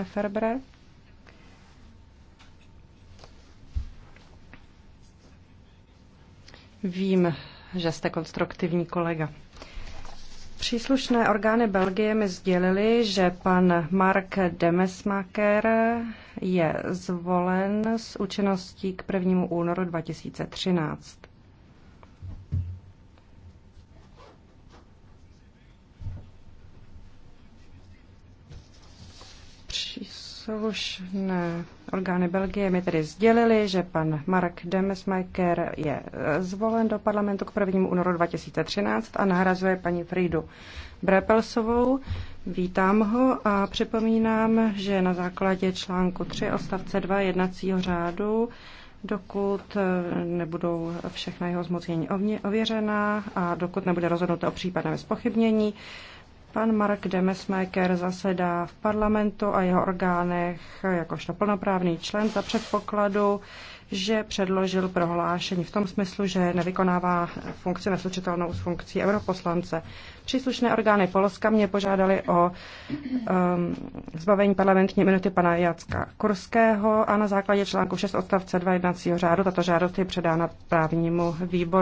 Lefebvre. Vím, že jste konstruktivní kolega. Příslušné orgány Belgie mi sdělili, že pan Mark Demesmaker je zvolen s účinností k 1. únoru 2013. Příslušné orgány Belgie mi tedy sdělili, že pan Mark Demesmaker je eh, zvolen do parlamentu k 1. únoru 2013 a nahrazuje paní Fridu Brepelsovou. Vítám ho a připomínám, že na základě článku 3 odstavce 2 jednacího řádu dokud eh, nebudou všechna jeho zmocnění ověřena a dokud nebude rozhodnuto o případném zpochybnění, Pan Mark Demesmaker zasedá v parlamentu a jeho orgánech jakožto plnoprávný člen za předpokladu, že předložil prohlášení v tom smyslu, že nevykonává funkci neslučitelnou s funkcí europoslance. Příslušné orgány Polska mě požádali o um, zbavení parlamentní minuty pana Jacka Kurského a na základě článku 6 odstavce 2 jednacího řádu tato žádost je předána právnímu výboru.